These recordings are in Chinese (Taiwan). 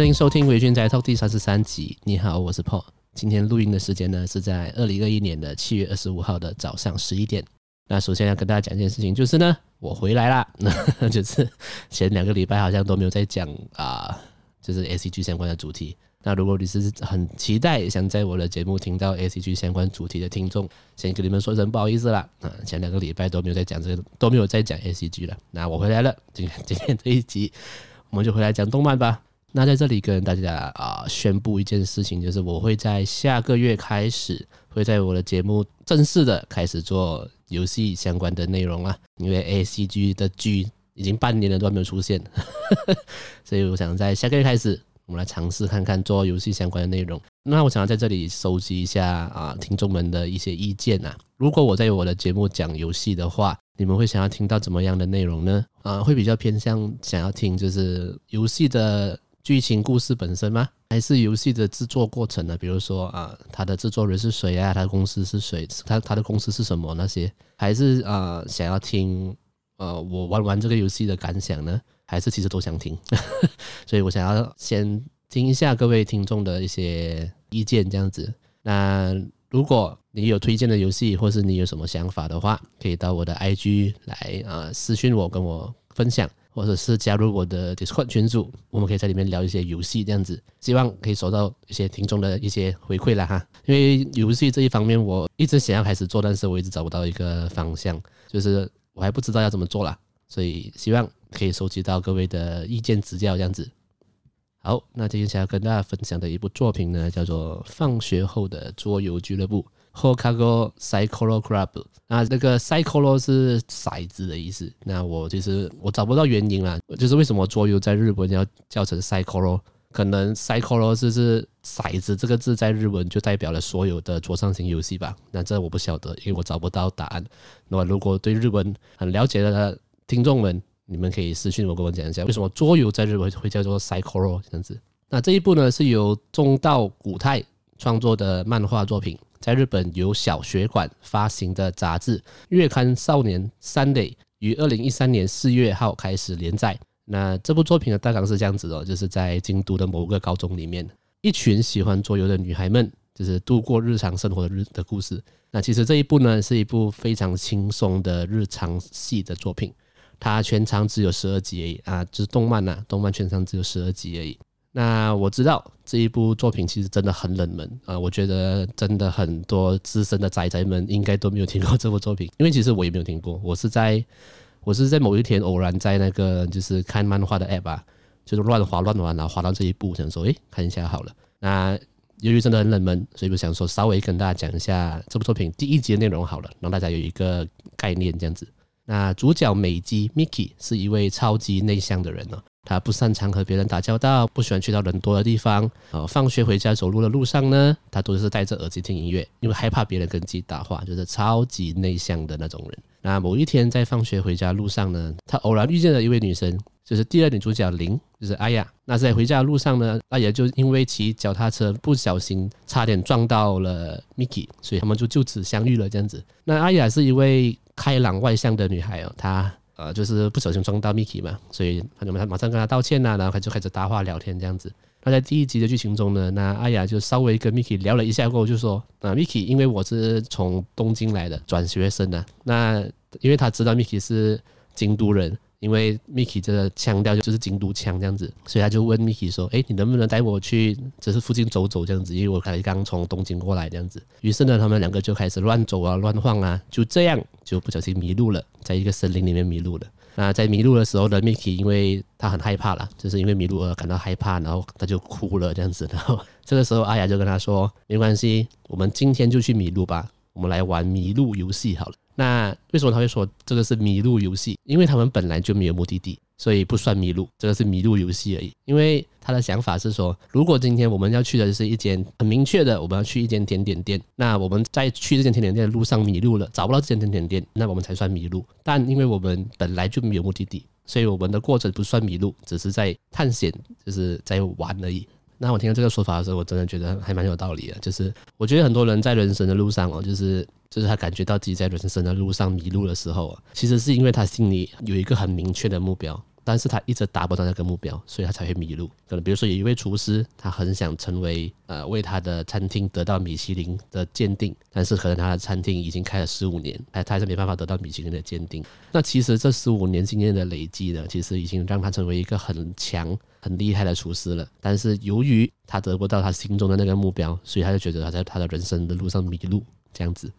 歡迎收聽《微醺宅 Talk》第三十三集。你好，我是 Paul。今天錄音的時間呢是在二零二一年的七月二十五號的早上十一點。那首先要跟大家講一件事情，就是呢，我回來了。 就是前兩個禮拜好像都沒有在講啊、呃，就是 ACG 相關的主題。那如果你是很期待想在我的節目聽到 ACG 相關主題的聽眾，先跟你們說聲不好意思啦。啊、呃，前兩個禮拜都沒有在講這個，都沒有在講 ACG 了。那我回來了，今天今天這一集我們就回來講動漫吧。那在這裡跟大家啊宣布一件事情，就是我會在下個月開始，會在我的節目正式的開始做遊戲相關的內容啊。因為 A C G 的 G 已經半年了都還沒有出現， 所以我想在下個月開始，我們來嘗試看看做遊戲相關的內容。那我想要在這裡收集一下啊聽眾們的一些意見吶、啊。如果我在我的節目講遊戲的話，你們會想要聽到怎麼樣的內容呢？啊，會比較偏向想要聽就是遊戲的。劇情故事本身嗎？還是遊戲的制作過程呢？比如說啊、呃，它的制作人是誰啊？它的公司是誰？它它的公司是什麼那些？還是啊、呃，想要聽呃，我玩完這個遊戲的感想呢？還是其實都想聽， 所以我想要先聽一下各位聽衆的一些意見，這樣子。那如果你有推薦的遊戲，或是你有什麼想法的話，可以到我的 IG 來啊、呃、私信我，跟我分享。或者是加入我的 Discord 群組，我們可以在裡面聊一些遊戲這樣子，希望可以收到一些聽眾的一些回饋啦哈。因為遊戲這一方面，我一直想要開始做，但是我一直找不到一個方向，就是我還不知道要怎麼做啦，所以希望可以收集到各位的意見指教這樣子。好，那今天想要跟大家分享的一部作品呢，叫做《放學後的桌遊俱樂部》。Hokago Saikoro Club 啊，那這個 “Saikoro” 是骰子的意思。那我其實我找不到原因啦，就是為什麼桌遊在日本要叫成 “Saikoro”。可能 “Saikoro” 就是“骰子”這個字，在日文就代表了所有的桌上型遊戲吧。那這我不曉得，因為我找不到答案。那如果對日文很了解的聽眾們，你們可以私信我，跟我講一下為什麼桌遊在日本會叫做 “Saikoro” 這樣子。那這一部呢，是由中道古太創作的漫畫作品。在日本由小學館發行的雜誌《月刊少年 Sunday》於二零一三年四月號開始連載。那這部作品的大綱是這樣子哦，就是在京都的某個高中裡面，一群喜歡桌遊的女孩們，就是度過日常生活的日子的故事。那其實這一部呢，是一部非常輕鬆的日常系的作品，它全長只有十二集而已啊，就是動漫呢、啊，動漫全長只有十二集而已。那我知道這一部作品其實真的很冷門啊，我覺得真的很多資深的宅宅們應該都沒有聽過這部作品，因為其實我也沒有聽過。我是在我是在某一天偶然在那個就是看漫畫的 app 啊，就是亂滑亂玩，然後滑到這一部，想說誒、哎，看一下好了。那由於真的很冷門，所以我想說稍微跟大家講一下這部作品第一集的內容好了，讓大家有一個概念這樣子。那主角美姬 Miki 是一位超級內向的人呢、哦。他不擅長和別人打交道，不喜歡去到人多的地方。呃，放學回家走路的路上呢，他都是戴着耳機聽音樂，因為害怕別人跟自己搭話，就是超級內向的那種人。那某一天在放學回家路上呢，他偶然遇見了一位女生，就是第二女主角林，就是阿雅。那在回家的路上呢，阿雅就因為騎腳踏車不小心差點撞到了 Miki，所以他們就就此相遇了。這樣子。那阿雅是一位開朗外向的女孩哦，她。呃，就是不小心撞到 Miki 嘛，所以他就馬上馬上跟他道歉吶、啊，然後他就開始搭話聊天這樣子。那在第一集的劇情中呢，那阿雅就稍微跟 Miki 聊了一下過後，就說啊，Miki，因為我是從東京來的轉學生吶、啊，那因為他知道 Miki 是京都人。因為 Miki 這個腔調就是京都腔這樣子，所以他就問 Miki 說：“哎，你能不能帶我去，就是附近走走這樣子？因為我才剛從東京過來這樣子。”於是呢，他們兩個就開始亂走啊、亂晃啊，就這樣就不小心迷路了，在一個森林裡面迷路了。那在迷路的時候呢，Miki 因為他很害怕了，就是因為迷路而感到害怕，然後他就哭了這樣子。然後這個時候，阿雅就跟他說：“沒關係，我們今天就去迷路吧，我們來玩迷路遊戲好了。”那為什麼他會說這個是迷路遊戲？因為他們本來就沒有目的地，所以不算迷路，這個是迷路遊戲而已。因為他的想法是說，如果今天我們要去的是一間很明確的，我們要去一間甜點店，那我們在去這間甜點店的路上迷路了，找不到這間甜點店，那我們才算迷路。但因為我們本來就沒有目的地，所以我們的過程不算迷路，只是在探險，就是在玩而已。那我聽到這個說法的時候，我真的覺得還蠻有道理的。就是我覺得很多人在人生的路上哦，就是。就是他感覺到自己在人生的路上迷路的時候，其實是因為他心裡有一個很明確的目標，但是他一直達不到那個目標，所以他才會迷路。可能比如說有一位廚師，他很想成為呃為他的餐廳得到米其林的鑑定，但是可能他的餐廳已經開了十五年，還他還是沒辦法得到米其林的鑑定。那其實這十五年經驗的累積呢，其實已經讓他成為一個很強很厲害的廚師了。但是由於他得不到他心中的那個目標，所以他就覺得他在他的人生的路上迷路這樣子。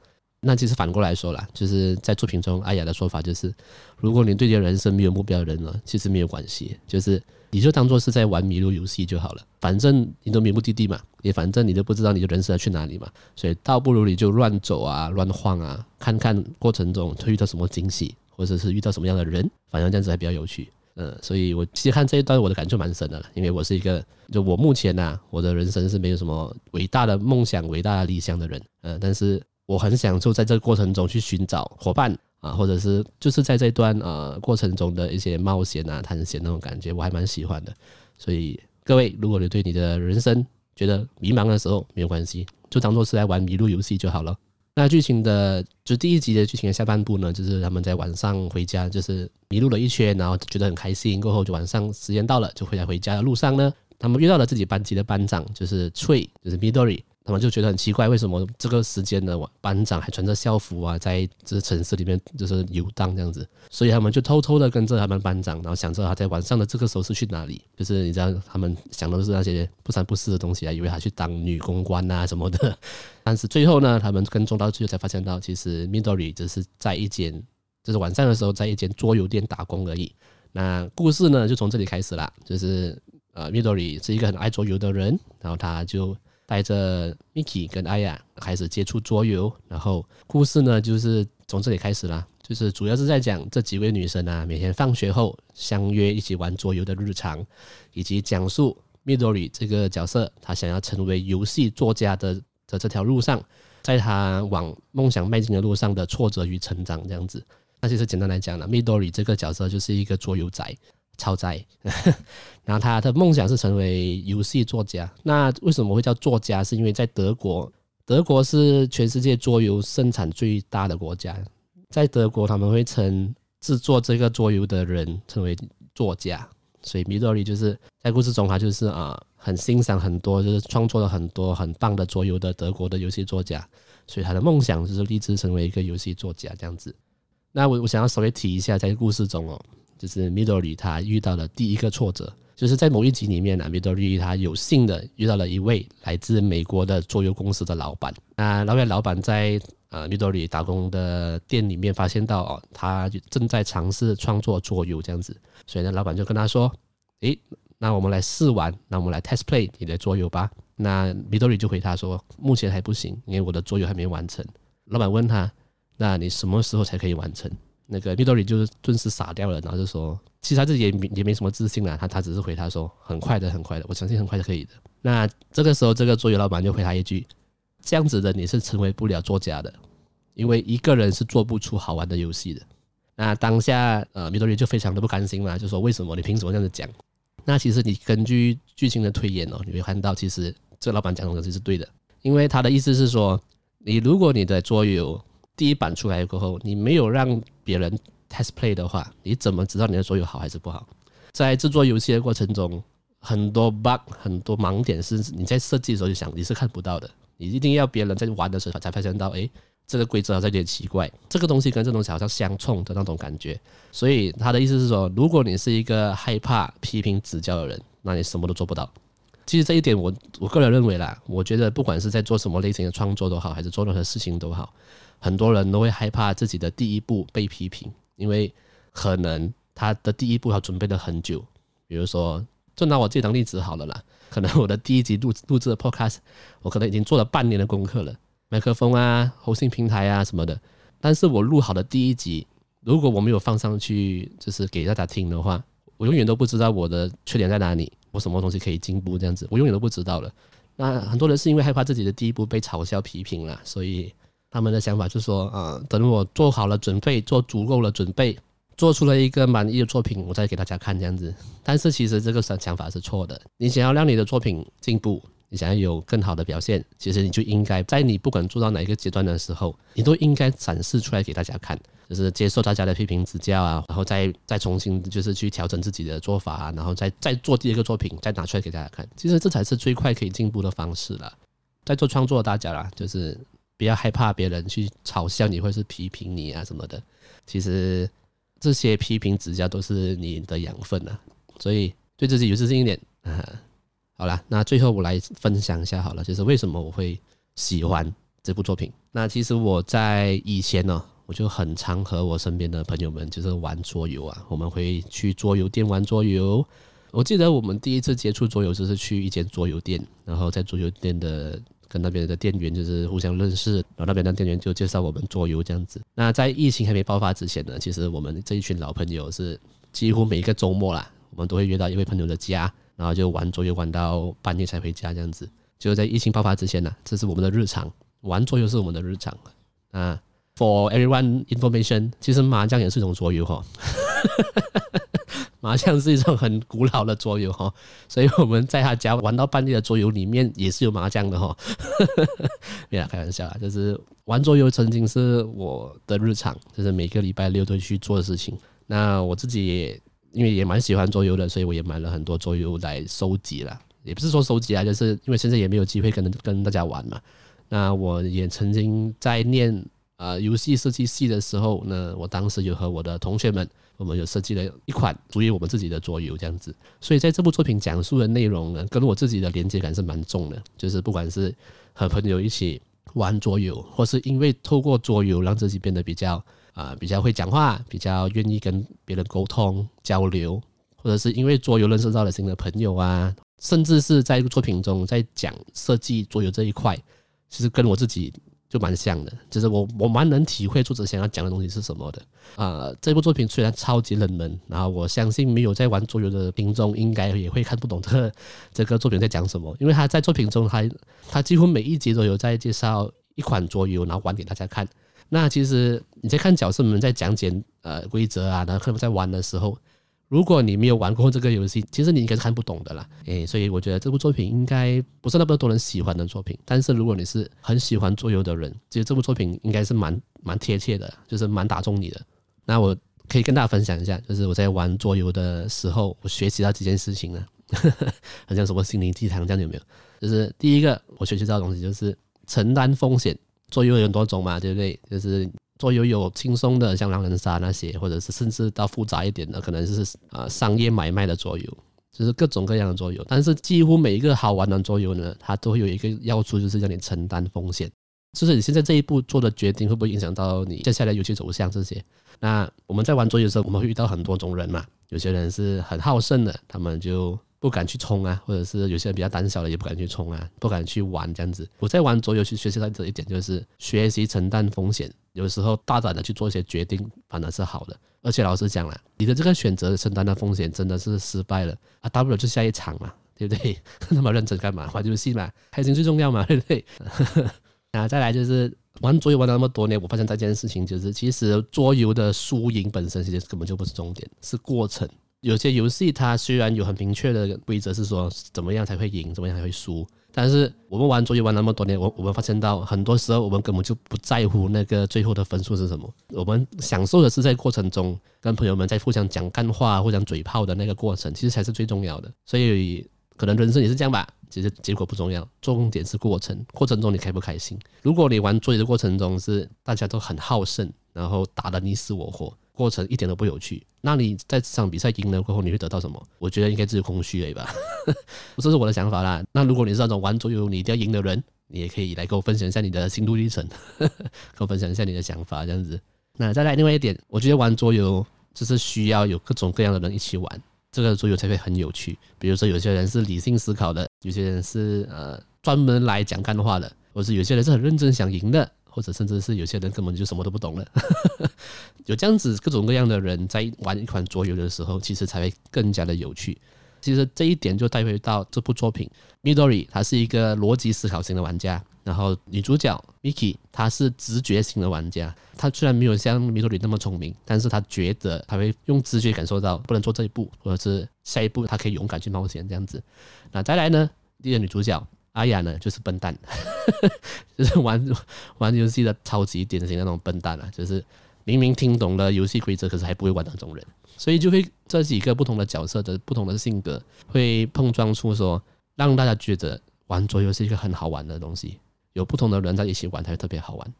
那其實反過來說啦，就是在作品中，阿雅的說法就是，如果你對這個人生沒有目標的人了，其實沒有關係，就是你就當做是在玩迷路遊戲就好了。反正你都沒有目的地嘛，也反正你都不知道你的人生要去哪裡嘛，所以倒不如你就亂走啊，亂晃啊，看看過程中會遇到什麼驚喜，或者是遇到什麼樣的人，反正這樣子還比較有趣。嗯，所以我其實看這一段，我的感觸蠻深的了，因為我是一個，就我目前呢、啊，我的人生是沒有什麼偉大的夢想、偉大的理想的人。嗯，但是。我很享受在這個過程中去尋找夥伴啊，或者是就是在這段呃、啊、過程中的一些冒險啊、探險那種感覺，我還蠻喜歡的。所以各位，如果你對你的人生覺得迷茫的時候，沒有關係，就當做是在玩迷路遊戲就好了。那劇情的就第一集的劇情的下半部呢，就是他們在晚上回家，就是迷路了一圈，然後覺得很開心。過後就晚上時間到了，就回來回家的路上呢，他們遇到了自己班級的班長，就是翠，就是 Midori。他們就覺得很奇怪，為什麼這個時間的班長還穿着校服啊，在這城市裡面就是遊蕩這樣子，所以他們就偷偷的跟着他們班長，然後想知道他在晚上的這個時候是去哪裡。就是你知道，他們想的都是那些不三不四的東西啊，以為他去當女公關吶、啊、什麼的。但是最後呢，他們跟蹤到最後才發現到，其實 Midori 只是在一間，就是晚上的時候在一間桌遊店打工而已。那故事呢，就從這裡開始啦。就是呃，Midori 是一個很愛桌遊的人，然後他就。帶着 Miki 跟 Aya 開始接觸桌遊，然後故事呢就是從這裡開始啦。就是主要是在講這幾位女生啊，每天放學後相約一起玩桌遊的日常，以及講述 Midori 這個角色她想要成為遊戲作家的的這條路上，在她往夢想邁進的路上的挫折與成長這樣子。那其實簡單來講呢，Midori 這個角色就是一個桌遊宅。超載， 然後他的夢想是成為遊戲作家。那為什麼我會叫作家？是因為在德國，德國是全世界桌遊生產最大的國家。在德國，他們會稱製作這個桌遊的人稱為作家。所以米多里就是在故事中，他就是啊，很欣賞很多，就是創作了很多很棒的桌遊的德國的遊戲作家。所以他的夢想就是立志成為一個遊戲作家這樣子。那我我想要稍微提一下，在故事中哦。就是 Midori 他遇到了第一個挫折，就是在某一集裡面呢，Midori 他有幸的遇到了一位來自美國的桌遊公司的老闆。那老闆老闆在呃 Midori 打工的店裡面發現到哦，他就正在嘗試創作桌遊這樣子，所以呢，老闆就跟他說，誒，那我們來試玩，那我們來 test play 你的桌遊吧。那 Midori 就回答說，目前還不行，因為我的桌遊還沒完成。老闆問他，那你什麼時候才可以完成？那個米多里就是頓時傻掉了，然後就說，其實他自己也也沒什麼自信啦。他他只是回他說，很快的，很快的，我相信很快就可以的。那這個時候，這個桌遊老闆就回他一句，這樣子的你是成為不了作家的，因為一個人是做不出好玩的遊戲的。那當下，呃，米多里就非常的不甘心嘛，就說為什麼你憑什麼這樣子講？那其實你根據劇情的推演哦，你會看到其實這個老闆講的東西是對的，因為他的意思是說，你如果你的桌遊。第一版出來過後，你沒有讓別人 test play 的話，你怎麼知道你的所有好還是不好？在制作遊戲的過程中，很多 bug、很多盲點是你在設計的時候就想你是看不到的，你一定要別人在玩的時候才發現到。哎，這個規則好像有點奇怪，這個東西跟這東西好像相衝的那種感覺。所以他的意思是說，如果你是一個害怕批評指教的人，那你什麼都做不到。其實這一點我，我我個人認為啦，我覺得不管是在做什麼類型的創作都好，還是做任何事情都好，很多人都會害怕自己的第一步被批評，因為可能他的第一步要準備了很久。比如說，就拿我這張例子好了啦，可能我的第一集錄錄製的 Podcast，我可能已經做了半年的功課了，麥克風啊、喉性平台啊什麼的。但是我錄好的第一集，如果我沒有放上去，就是給大家聽的話，我永遠都不知道我的缺點在哪裡，我什麼東西可以進步這樣子，我永遠都不知道了。那很多人是因為害怕自己的第一步被嘲笑批評了，所以。他們的想法就是說，呃、啊，等我做好了準備，做足夠的準備，做出了一個滿意的作品，我再給大家看這樣子。但是其實這個想想法是錯的。你想要讓你的作品進步，你想要有更好的表現，其實你就應該在你不管做到哪一個階段的時候，你都應該展示出來給大家看，就是接受大家的批評指教啊，然後再再重新就是去調整自己的做法啊，然後再再做第二個作品，再拿出來給大家看。其實這才是最快可以進步的方式了。在做創作的大家啦，就是。不要害怕別人去嘲笑你，或是批評你啊什麼的。其實這些批評指教都是你的養分啊，所以對自己有自信一點啊。好啦，那最後我來分享一下好了，就是為什麼我會喜歡這部作品。那其實我在以前呢、喔，我就很常和我身邊的朋友們就是玩桌遊啊，我們會去桌遊店玩桌遊。我記得我們第一次接觸桌遊就是去一間桌遊店，然後在桌遊店的。跟那邊的店員就是互相認識，然後那邊的店員就介紹我們桌遊這樣子。那在疫情還沒爆發之前呢，其實我們這一群老朋友是幾乎每一個周末啦，我們都會約到一位朋友的家，然後就玩桌遊玩到半夜才回家這樣子。就在疫情爆發之前呢，這是我們的日常，玩桌遊是我們的日常啊。那 For everyone information，其實麻將也是一種桌遊哈、哦。 麻將是一種很古老的桌遊哈，所以我們在他家玩到半夜的桌遊裡面也是有麻將的哈， 沒有啦，開玩笑啦，就是玩桌遊曾經是我的日常，就是每個禮拜六都去做的事情。那我自己也因為也蠻喜歡桌遊的，所以我也買了很多桌遊來收集啦。也不是說收集啊，就是因為現在也沒有機會跟跟大家玩嘛。那我也曾經在念。呃，遊戲設計系的時候呢，我當時有和我的同學們，我們有設計了一款屬於我們自己的桌遊，這樣子。所以在這部作品講述的內容呢，跟我自己的連接感是蠻重的。就是不管是和朋友一起玩桌遊，或是因為透過桌遊讓自己變得比較啊、呃，比較會講話，比較願意跟別人溝通交流，或者是因為桌遊認識到了新的朋友啊，甚至是在一個作品中在講設計桌遊這一塊，其實跟我自己。就蠻像的，就是我我蠻能體會作者想要講的東西是什麼的啊，呃，這部作品雖然超級冷門，然後我相信沒有在玩桌遊的聽眾應該也會看不懂這這個作品在講什麼，因為他在作品中他他幾乎每一集都有在介紹一款桌遊，然後玩給大家看。那其實你在看角色們在講解呃規則啊，然後他們在玩的時候。如果你沒有玩過這個遊戲，其實你應該是看不懂的啦，誒、哎，所以我覺得這部作品應該不是那麼多人喜歡的作品。但是如果你是很喜歡桌遊的人，其實這部作品應該是蠻蠻貼切的，就是蠻打中你的。那我可以跟大家分享一下，就是我在玩桌遊的時候，我學習到幾件事情呢、啊？好像什麼心靈雞湯這樣有沒有？就是第一個我學習到的東西，就是承擔風險。桌遊有很多種嘛，對不對？就是。桌遊有輕鬆的，像狼人殺那些，或者是甚至到複雜一點的，可能就是呃商業買賣的桌遊，就是各種各樣的桌遊。但是幾乎每一個好玩的桌遊呢，它都會有一個要素，就是讓你承擔風險，就是你現在這一步做的決定會不會影響到你接下來遊戲走向這些。那我們在玩桌遊的時候，我們會遇到很多種人嘛，有些人是很好勝的，他們就。不敢去衝啊，或者是有些人比較膽小的，也不敢去衝啊，不敢去玩這樣子。我在玩桌遊去學習到這一點，就是學習承擔風險。有時候大膽的去做一些決定，反而是好的。而且老實講了，你的這個選擇承擔的風險，真的是失敗了啊。大不了就下一場嘛，對不對？ 那麼認真幹嘛？玩遊戲嘛，開心最重要嘛，對不對？然 後、啊、再來就是玩桌遊玩了那麼多年，我發現這件事情，就是其實桌遊的輸贏本身其實根本就不是終點，是過程。有些遊戲它雖然有很明確的規則，是說怎麼樣才會贏，怎麼樣才會輸。但是我們玩桌遊玩那麼多年，我我們發現到很多時候我們根本就不在乎那個最後的分數是什麼，我們享受的是在過程中跟朋友們在互相講幹話、互相嘴炮的那個過程，其實才是最重要的。所以可能人生也是這樣吧，其實結果不重要，重點是過程。過程中你開不開心？如果你玩桌遊的過程中是大家都很好勝，然後打得你死我活，過程一點都不有趣，那你在這場比賽贏了過後，你會得到什麼？我覺得應該只有空虛而已吧， 這是我的想法啦。那如果你是那種玩桌遊你一定要贏的人，你也可以來跟我分享一下你的心路歷程， 跟我分享一下你的想法這樣子。那再來另外一點，我覺得玩桌遊就是需要有各種各樣的人一起玩，這個桌遊才會很有趣。比如說有些人是理性思考的，有些人是呃專門來講幹話的，或者是有些人是很認真想贏的。或者甚至是有些人根本就什麼都不懂了， 有這樣子各種各樣的人在玩一款桌遊的時候，其實才會更加的有趣。其實這一點就帶回到這部作品，Midori 他是一個邏輯思考型的玩家，然後女主角 Miki 她是直覺型的玩家。她雖然沒有像 Midori 那麼聰明，但是她覺得她會用直覺感受到不能做這一步，或者是下一步她可以勇敢去冒險這樣子。那再來呢？第二女主角。阿雅呢，就是笨蛋， 就是玩玩遊戲的超級典型那種笨蛋啊，就是明明聽懂了遊戲規則，可是還不會玩那種人，所以就會這幾個不同的角色的不同的性格會碰撞出說，讓大家覺得玩桌遊是一個很好玩的東西，有不同的人在一起玩，才會特別好玩。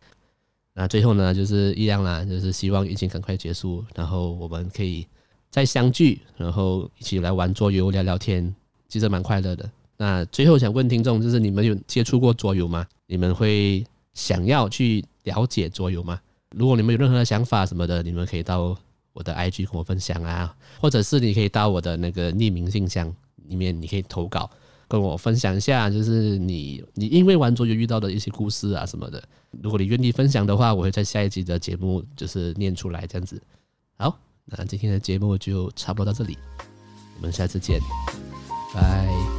那最後呢，就是一樣啦，就是希望疫情趕快結束，然後我們可以再相聚，然後一起來玩桌遊，聊聊天，其實蠻快樂的。那最後想問聽眾，就是你們有接觸過桌遊嗎？你們會想要去了解桌遊嗎？如果你們有任何的想法什麼的，你們可以到我的 IG 跟我分享啊，或者是你可以到我的那個匿名信箱裡面，你可以投稿跟我分享一下，就是你你因為玩桌遊遇到的一些故事啊什麼的。如果你願意分享的話，我會在下一集的節目就是念出來這樣子。好，那今天的節目就差不多到這裡，我們下次見，拜。